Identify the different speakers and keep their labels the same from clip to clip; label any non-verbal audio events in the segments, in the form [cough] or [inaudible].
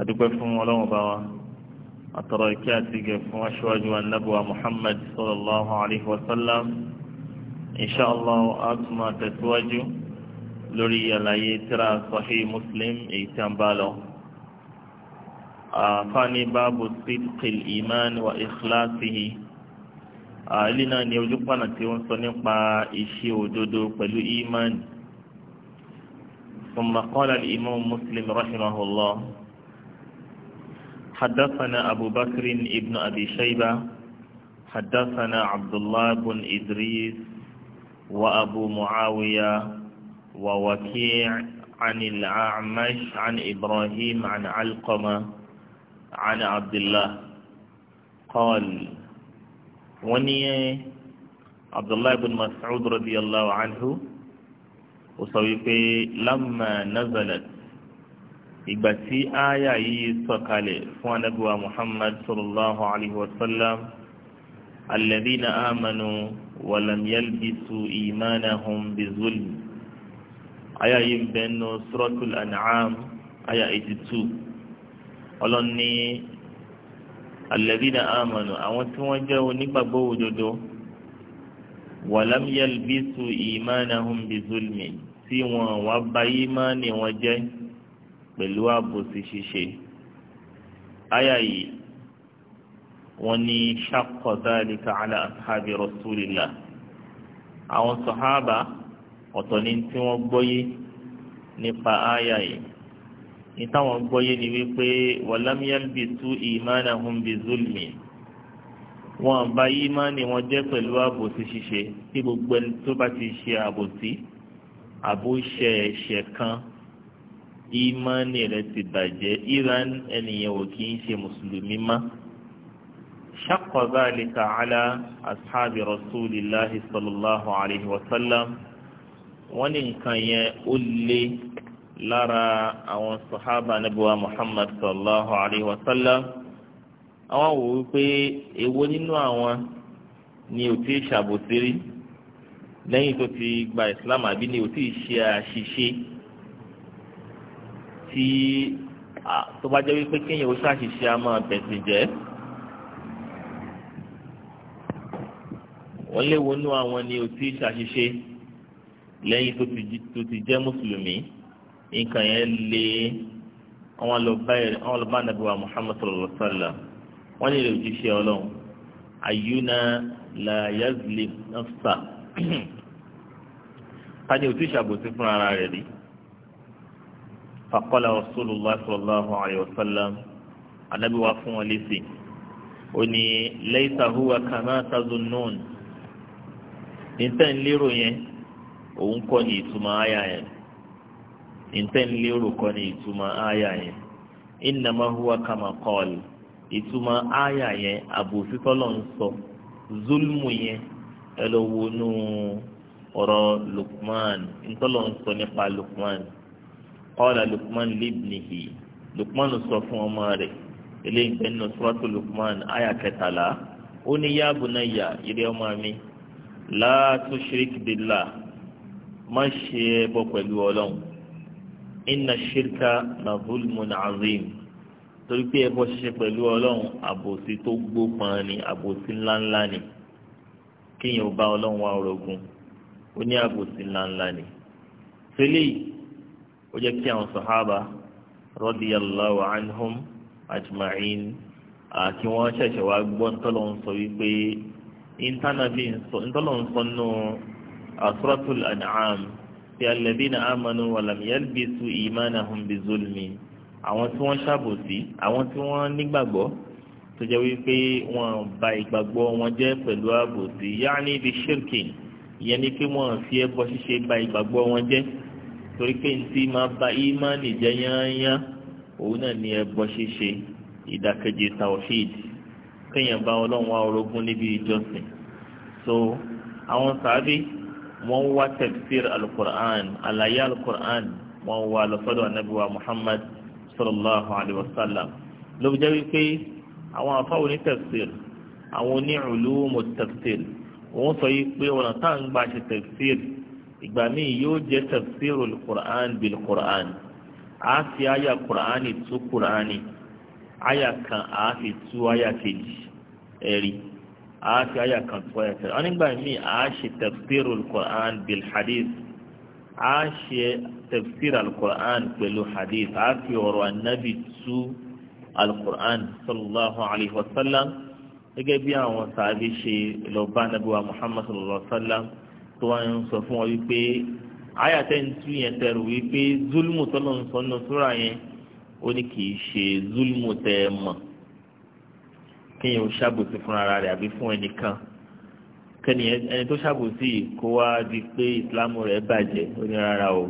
Speaker 1: adúpẹ́ fún ọlọ́run bá wa àtọ̀rọ̀ ìkẹ́ àti ìgẹ̀ fún aṣáájú anábùwà muhammad sallallahu alayhi wa sallam inshallah atuma tẹ̀síwájú lórí àlàyé tíra sahih muslim èyí tí a ń bá lọ. àfáàní báàbù sidqil iman wa ikhlasihi àìlì náà ni ojú pànà tí ó sọ nípa iṣẹ́ òdodo pẹ̀lú iman. ثم قال الإمام مسلم رحمه الله حدثنا أبو بكر ابن أبي شيبة حدثنا عبد الله بن إدريس وأبو معاوية ووكيع عن الأعمش عن إبراهيم عن علقمة عن عبد الله قال وني عبد الله بن مسعود رضي الله عنه وصويفي لما نزلت ìgbà tí ááyà yìí sọ̀kalẹ̀ fún anábíwá muhammad sallallahu alayhi wa sallam alladhina amanu wa lam yalbisu imanahum bizulm ááyà yìí ń bẹ nínú suratul an'am ááyà 82 ọlọ́ni alladhina amanu àwọn tí wọ́n jẹ́ onígbàgbọ́ òdodo wa lam yalbisu imanahum bizulm tí wọ́n wá bá ìmánì wọn jẹ́ pẹ̀lú àbòsí ṣíṣe àyà yìí wọ́n ní shaqqa dhalika ala ashabi rasulillah àwọn sọ̀hábà ọ̀tọ̀ ni tí wọ́n gbọ́yé nípa àyà yìí ní táwọn gbọ́yé ni wípé walam yalbisu imanahum bizulmi wọn bá ìmánì wọn jẹ́ pẹ̀lú àbòsí ṣíṣe tí gbogbo ẹni tó bá ti ṣe àbòsí àbóṣe ẹ̀ṣẹ̀ kan ìmánì rẹ̀ ti bàjẹ́ iran ẹnìyẹn ò kì í ṣe mùsùlùmí má. شق ذلك على أصحاب رسول الله صلى الله عليه وسلم wọ́n ní nǹkan yẹn ó lé lára àwọn sàhábà níbiwá muhammad sallallahu alayhi wa sallam àwọn wò wípé èwo nínú àwọn ni ò tí ì ṣàbòsírí lẹ́yìn tó ti gba islam àbí ni ò tí ì ṣe àṣìṣe tí tó bá jẹ́ wípé kéèyàn ó ṣàṣìṣe a máa bẹ̀sìn jẹ́ wọ́n léwu nú àwọn ni ó ti ṣàṣìṣe lẹ́yìn tó ti jẹ́ mùsùlùmí nǹkan yẹn lé àwọn lọ bá nàbí wa Muhammad sallallahu alaihi wa sallam wọ́n ní ìrètí ṣe ọlọ́run ayuna la yazlim nafsa [clears throat] ta ni ó ti ṣàbòsí fún ara rẹ̀ rí fàkọ́lá rasulullah sallallahu alayhi wa sallam anabi wa fún wọn lésì ó ní laysa huwa kama tazunnun níta ń lérò yẹn òun kọ́ ni ìtumọ̀ àyà yẹn níta ń lérò kọ́ ni ìtumọ̀ àyà yẹn innama huwa kama qala ìtumọ̀ àyà yẹn àbòsí ń sọ zulmu yẹn ẹ lọ wo nù ọ̀rọ̀ Lukman ntọ́lọ̀ ń sọ nípa Lukman qala lukman libnihi lukman sọ fún ọmọ rẹ̀ eléyìí bẹ́ẹ̀ nínú suratu lukman aya kẹtàlá ó ní ya bunayya ìrẹ́ ọmọ mi la tushrik billah má ṣe ẹbọ pẹ̀lú ọlọ́run inna shirka la zulmun azim torí pé ẹbọ ṣíṣe pẹ̀lú ọlọ́run àbòsí tó gbópọn ni àbòsí ńláńlá ni kéèyàn bá ọlọ́run wá orogún ó ní àbòsí ńláńlá ni. sẹ́lẹ̀ yìí ó jẹ́ kí àwọn sàhábà radiyallahu anhum ajma'in àti wọ́n ṣẹ̀ṣẹ̀ wá gbọ́ ntọ́lọ́ ń sọ wípé ìntànàbí ntọ́lọ́ ń sọ nù asuratul an'am ti alladhina amanu wa lam yalbisu imanahum bizulmi àwọn tí wọ́n ṣàbòsí àwọn tí wọ́n nígbàgbọ́ tó jẹ́ wípé wọ́n bà ìgbàgbọ́ wọn jẹ́ pẹ̀lú àbòsí yáà ní ibi ìyẹn ni pé wọ́n fi ẹbọ ṣíṣe bà ìgbàgbọ́ wọn jẹ́ torí pé ntí máa ba ìmánì jẹ́ yányán òun náà ni ẹbọ ṣíṣe ìdàkejì tawhid kéèyàn bá ọlọ́run wá níbi ìjọsìn so àwọn sàábì wọ́n wá tafsir alukur'an àlàyé alukur'an wọ́n wá lọ́sọ́dọ̀ anabiwa muhammad sallallahu alayhi wa sallam ló fi jẹ́ wípé àwọn afáwọn ní tafsir àwọn oní ulumut tafsir wọ́n sọ yìí pé ọ̀nà táà ń gbà ṣe tafsir ìgbà míì yóò jẹ́ tafsirul qur'an bil qur'an a fi aya qur'ani tú qur'ani aya kan a fi tú aya kejì ẹ̀rí a fi aya kan tú aya kejì wọn nígbà míì a ṣe tafsirul qur'an bil hadith a ṣe tafsir al-qur'an hadith a fi ọ̀rọ̀ anabi tú al sallallahu alayhi wa sallam gẹ́gẹ́ bí àwọn sàbí ṣe lọ bá anabi wa sallallahu alayhi wa sallam tó wá ń sọ fún ọ wípé ayàtẹ̀ ń tú yẹn tẹ̀rù wípé zulmu tọ́lọ̀ ń sọ nínú súra yẹn ó ní kì í ṣe zulmu tẹ́ ẹ mọ̀ kéèyàn ó ṣàbòsí fún ara rẹ̀ àbí fún ẹnìkan kẹ́ni ẹni tó ṣàbòsí kó wá di pé ìsìlámù rẹ̀ bàjẹ́ ó ní rárá o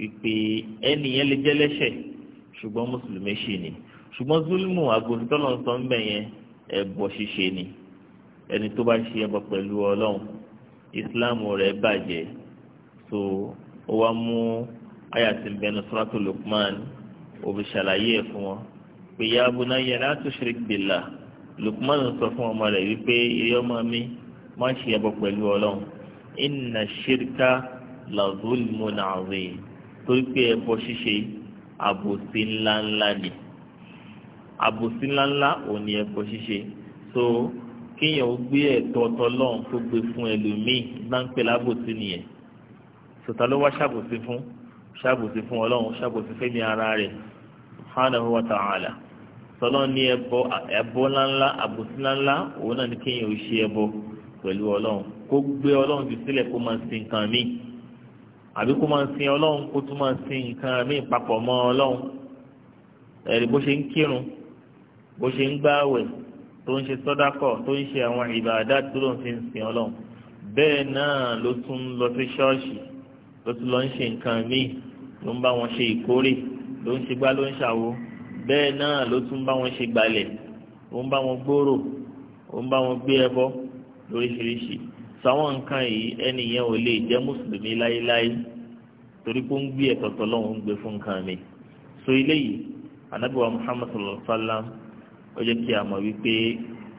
Speaker 1: ìpè lè jẹ́ lẹ́ṣẹ̀ ṣùgbọ́n mùsùlùmí ṣì ni ṣùgbọ́n zulmu àgòsí tọ́lọ̀ ń sọ ń bẹ̀ yẹn ẹbọ ṣíṣe ni ẹni tó bá ṣe ẹbọ pẹ̀lú ọlọ́run Islam rẹ̀ bàjẹ́ so ó wá mú ayàtì bẹnu sọ́ràtò Luqman òbí ṣàlàyé ẹ̀ fún wọn pé ya bunayya la tushrik billah Lukman sọ fún ọmọ rẹ̀ wípé ilé ọmọ mi má ṣe ẹbọ pẹ̀lú ọlọ́run inna shirka la zulmun azim torí pé ẹbọ ṣíṣe àbòsí ńláńlá ni àbòsí ńláńlá òní ẹbọ ṣíṣe so kéèyàn ó gbé ẹ̀tọ́ tọlọ́run tó gbé fún ẹlòmíì náà ń pè lábòsí nìyẹn sọ̀tà ló wá ṣàbòsí fún ṣàbòsí fún ọlọ́run ṣàbòsí fẹ́mi ara rẹ̀ subhanahu wa ta'ala tọ́lọ́ ní ẹbọ ẹbọ ńláńlá àbòsí ńláńlá òun náà ní kéèyàn ó ṣe ẹbọ pẹ̀lú ọlọ́run kó gbé ọlọ́run jù sílẹ̀ kó máa sin nǹkan míì àbí kó máa sin ọlọ́run kó tún máa sin nǹkan míì papọ̀ mọ́ ọlọ́run ẹ̀rí bó ṣe ń kírun bó ṣe ń gbáwẹ̀ tó ń ṣe sọ́dákọ̀ tó ń ṣe àwọn ìbàdá tó ló ń fi ń sìn ọlọ́run bẹ́ẹ̀ náà ló tún lọ sí ṣọ́ọ̀ṣì ló tún lọ ń ṣe nǹkan míì ló ń bá wọn ṣe ìkórè ló ń ṣe gbá ló ń ṣàwo bẹ́ẹ̀ náà ló tún bá wọn ṣe gbalẹ̀ ó ń bá wọn gbòòrò ó ń bá wọn gbé ẹbọ lóríṣiríṣi sàwọn nǹkan yìí ẹni yẹn ò lè jẹ́ mùsùlùmí láéláé torí pé ó ń gbé ẹ̀tọ́ tọ́lọ́run ń gbé fún nǹkan mi so eléyìí anábìwá Muhammad sallallahu alaihi wa sallam ó jẹ́ kí a mọ̀ wípé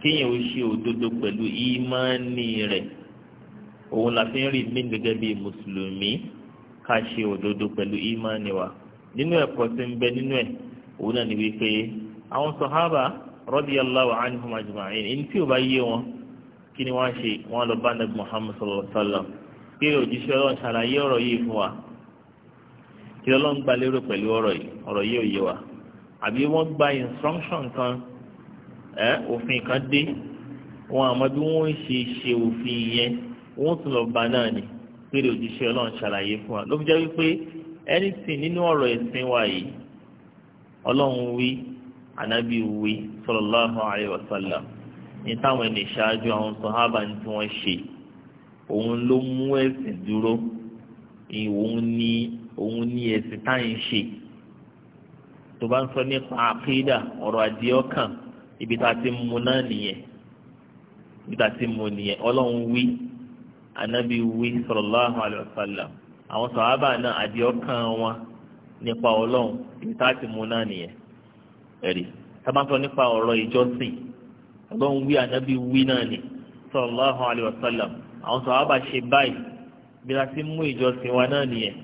Speaker 1: kéèyàn ó ṣe òdodo pẹ̀lú ìmánì rẹ̀ òun la fi ń rí mí gẹ́gẹ́ bíi mùsùlùmí ká ṣe òdodo pẹ̀lú ìmánì wa nínú ẹ̀kọ́ tí ń bẹ nínú ẹ̀ òun náà ni wípé àwọn sọ̀hábà radiyallahu anhum ajma'in ẹni tí ò bá yé wọn kí ni wọ́n ṣe wọ́n lọ bá nàbí Muhammad sallallahu alaihi wa sallam pé òjíṣẹ́ ọlọ́run ṣàlàyé ọ̀rọ̀ yìí fún wa kí ọlọ́run gba lérò pẹ̀lú wa àbí wọ́n gba instruction ẹ òfin kan dé wọn àmọ́ bí wọ́n ṣe ṣe òfin yẹn wọ́n tún lọ bá náà ni péré òjíṣẹ́ Ọlọ́run ṣàlàyé fún wa ló fi jẹ́ wípé anything nínú ọ̀rọ̀ ẹ̀sìn wa yìí Ọlọ́run wí ànábì wí sallallahu alaihi wasallam ní táwọn ẹni ṣáájú àwọn sàhábà ní tí wọ́n ṣe òun ló mú ẹ̀sìn dúró òun ní òun ní ẹ̀sìn táyìn ṣe tó bá ń sọ nípa àkídà ọ̀rọ̀ àdìọ́kàn ibi tá a ti mú náà nìyẹn ibi tá a ti mú nìyẹn ọlọ́run wí anabi wí sallallahu alaihi wasallam àwọn sàhábà náà àdìọ́kàn wọn nípa ọlọ́run ibi tá a ti mú náà nìyẹn ẹ̀rí sábàtọ̀ nípa ọ̀rọ̀ ìjọsìn ọlọ́run wí anabi wí náà ni sallallahu alaihi àwọn sàhábà ṣe báyìí bí a ti mú ìjọsìn wa náà nìyẹn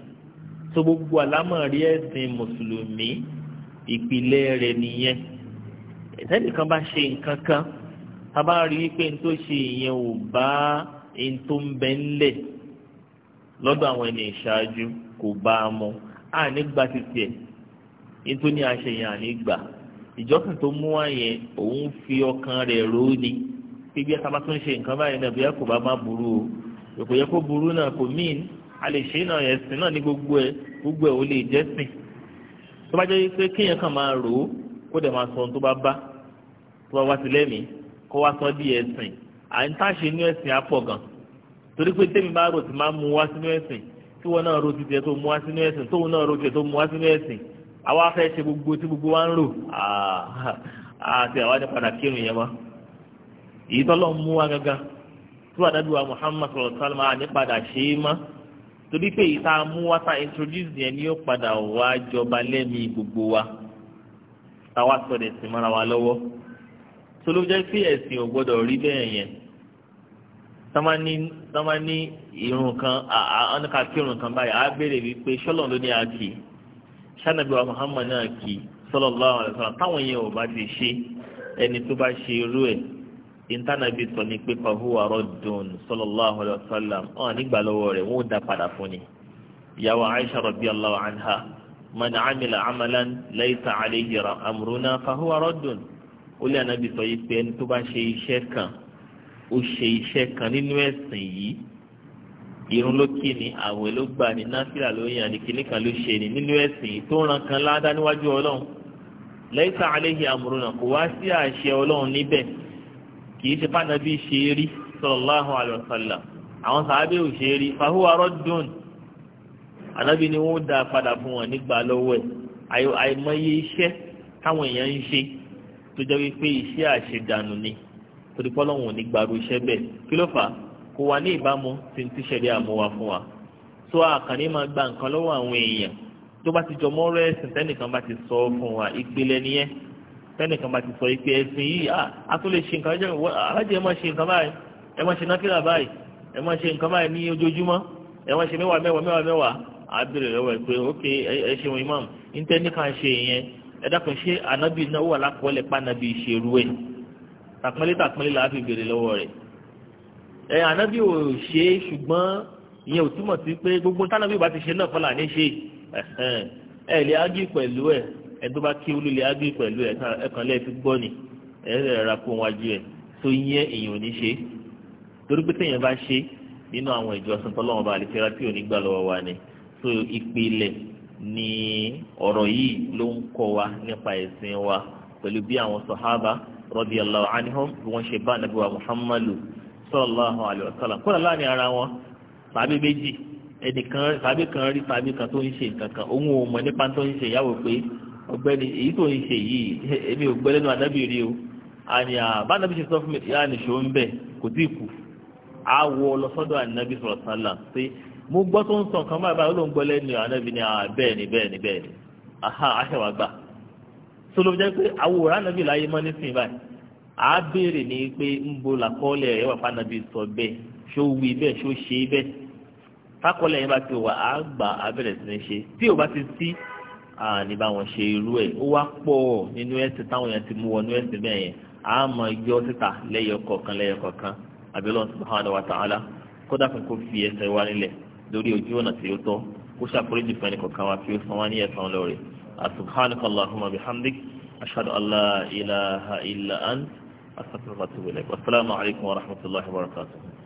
Speaker 1: tó gbogbo àlámọ̀rí ẹ̀sìn mùsùlùmí ìpìlẹ̀ rẹ̀ nìyẹn ìtẹ́nìkan bá ṣe nǹkan kan tá a bá rí i pé n tó ṣe ìyẹn ò bá n tó ń bẹ ńlẹ̀ lọ́dọ̀ àwọn ẹni ìṣáájú kò bá a mọ̀ á ní gba títí ẹ̀ n tó ní aṣẹ yẹn gbà ìjọsìn tó mú wá yẹn òun fi ọkàn rẹ̀ ró ni pé bí ẹ̀ka bá tún ṣe nǹkan báyìí náà bóyá kò bá má burú o kò yẹ kó burú náà kò míì a lè ṣe náà ẹ̀sìn náà ní gbogbo ẹ̀ gbogbo ẹ̀ ò lè jẹ́sìn tó bá jẹ́ pé kéèyàn kàn máa rò ó kó dẹ̀ máa sọ ohun tó bá bá tó bá wá sí lẹ́mìí kó wá sọ bí ẹ̀sìn à ń táṣe inú ẹ̀sìn á pọ̀ gan torí pé tèmi bá rò tí máa mú wá sínú ẹ̀sìn tí wọn náà ro ti tiẹ̀ tó mú wá sínú ẹ̀sìn tóun náà ro tiẹ̀ tó mú wá sínú ẹ̀sìn àwa fẹ́ ṣe gbogbo tí gbogbo wa ń rò àti àwa ní padà kírun yẹn mọ́ èyí tọ́lọ́ mú wa gangan tí wàá wa Muhammad sọ̀rọ̀ sálmà ní padà ṣe é mọ́ torí pé ìta mú wa ta introduce yẹn ni ó padà wá jọba lẹ́mìí gbogbo wa táwa sọ̀rọ̀ ẹ̀sìn mọ́ra wa lọ́wọ́ tó ló jẹ́ pé ẹ̀sìn ò gbọ́dọ̀ rí bẹ́ẹ̀ yẹn tọ́mọ ní irun kan ọ̀nàkà kí irun kan báyìí á béèrè wípé sọ́lọ̀ ló ní àkì sanabi wa Muhammad náà kì sallallahu alaihi wasallam táwọn yẹn ò bá ti ṣe ẹni tó bá ṣe irú ẹ̀ ìntànàbí sọ ní pé fahuwa raddun sallallahu alaihi wasallam ọ̀hún nígbà lọ́wọ́ rẹ̀ wọ́n dá padà fún ni ìyàwó Aisha radiyallahu anha man amila amalan laysa alayhi amruna fahuwa raddun ó lé ànábì sọ yìí pé ẹni tó bá ṣe iṣẹ́ kan ó ṣe iṣẹ́ kan nínú ẹ̀sìn yìí irun ló kí ni àwẹ̀ ló gbà ní náfìlà ló yàn ní kíní kan ló ṣe ni nínú ẹ̀sìn yìí tó ràn kan ládá níwájú ọlọ́run laysa alayhi amruna kò wá sí àṣẹ ọlọ́run níbẹ̀ kì í ṣe fànàbí ṣe rí sallallahu alaihi wasallam àwọn sàábẹ́ ò ṣe rí fahuwa raddun ànábì ni wọ́n dá padà fún wọn nígbà lọ́wọ́ ẹ̀ àìmọye iṣẹ́ táwọn èèyàn ń ṣe tó jẹ́ wípé iṣẹ́ àṣedànù ni torí pọ́lọ́wọ̀n ní gbàrú iṣẹ́ bẹ́ẹ̀ kí ló fà á kò wà ní ìbámu tí ń tíṣẹ̀lẹ̀ àmúwa fún wa tó àkànní máa gba nǹkan lọ́wọ́ àwọn èèyàn tó bá ti jọ mọ́rọ́ ẹ̀sìn tẹ́nìkan bá ti sọ fún wa ìpìlẹ̀ nìyẹn tẹ́nìkan bá ti sọ ìpè ẹ̀sìn yìí a tún lè ṣe nǹkan ẹ̀jẹ̀ alájẹ ẹ máa ṣe nǹkan báyìí ẹ máa ṣe náfìlà báyìí ẹ máa ṣe nǹkan báyìí ní ojoojúmọ́ ẹ máa ṣe mẹ́wàá mẹ́wàá mẹ́wàá mẹ́wàá á bèrè lọ́wọ́ ẹ̀ pé ok ẹ ṣeun imam níta ní kan ṣe ìyẹn ẹ dákun ṣé ànábì náà wà lápọ̀lẹ̀ pánábì ìṣerú ẹ̀ tàpọ́nlé tàpọ́nlé là á fi bèrè lọ́wọ́ rẹ̀ ẹ ànábì ò ṣe é ṣùgbọ́n ìyẹn ò túmọ̀ sí pé gbogbo tánábì bá ti ṣe náà kọ́ là ní ṣe ẹ lè ágì pẹ̀lú ẹ ẹ bá kí olú lè ágì pẹ̀lú ẹ ẹ̀kan lẹ́ẹ̀ fi gbọ́ ni ẹ rẹ̀ ra kó wájú ẹ̀ tó yẹ èèyàn ò ní ṣe torí pé téèyàn bá ṣe nínú àwọn ìjọsìn tọ́lọ́wọ́n bá àlè so ìpìlẹ̀ ni ọ̀rọ̀ yìí ló ń kọ́ wa nípa ẹ̀sìn wa pẹ̀lú bí àwọn sọ̀hábà radiyallahu anhum bí wọ́n ṣe bá nàbí wa muhammadu sallallahu alayhi wa sallam kódà láàrin ara wọn sàbí méjì ẹnìkan sàbí kan rí sàbí kan tó ń ṣe nǹkan kan òun ò mọ̀ nípa tó ń ṣe ìyàwó pé ọ̀gbẹ́ni èyí tó ń ṣe yìí èmi ò gbẹ́ lẹ́nu ànábì rí o àní àbánábì ṣe sọ fún mi ìyá àníṣó ń bẹ̀ kò tí ì kù á wọ lọ sọ́dọ̀ ànábì sallallahu alayhi pé mo gbọ́ tó ń sọ kan báyìí báyìí ló ń gbọ́ lẹ́nu ànábì ni bẹ́ẹ̀ ni bẹ́ẹ̀ ni bẹ́ẹ̀ ni aha aṣẹwà gbà tó ló jẹ́ pé àwòrán ànábì láyé mọ́ nísìnyí báyìí à á béèrè ní pé ń bo làkọ́ọ̀lẹ̀ ẹ̀ wà fún ànábì sọ bẹ́ẹ̀ ṣó wí bẹ́ẹ̀ ṣó ṣe bẹ́ẹ̀ fákọ́lẹ̀ yẹn bá ti wà á gbà á bẹ̀rẹ̀ sí ní ṣe tí ò bá ti sí àní bá wọn ṣe irú ẹ̀ ó wá pọ̀ nínú ẹ̀sìn táwọn yẹn ti mú wọnú ẹ̀sìn bẹ́ẹ̀ yẹn á mọ yọ síta lẹ́yọ̀ kọ̀ọ̀kan lẹ́yọ̀ kọ̀ọ̀kan àbí Ọlọ́hun subhanahu wa ta'ala kódà fún kó fi ẹsẹ̀ wá nílẹ̀ lórí ojú ọ̀nà tí ó tọ́ kó ṣàforíjì fún ẹnì kọ̀ọ̀kan wa kí ó san wá ní ẹ̀san lórí subhanaka allahumma bihamdik ashhadu an la ilaha illa ant astaghfiruka wasalaamu alaykum wa rahmatulahi wa barakatuh.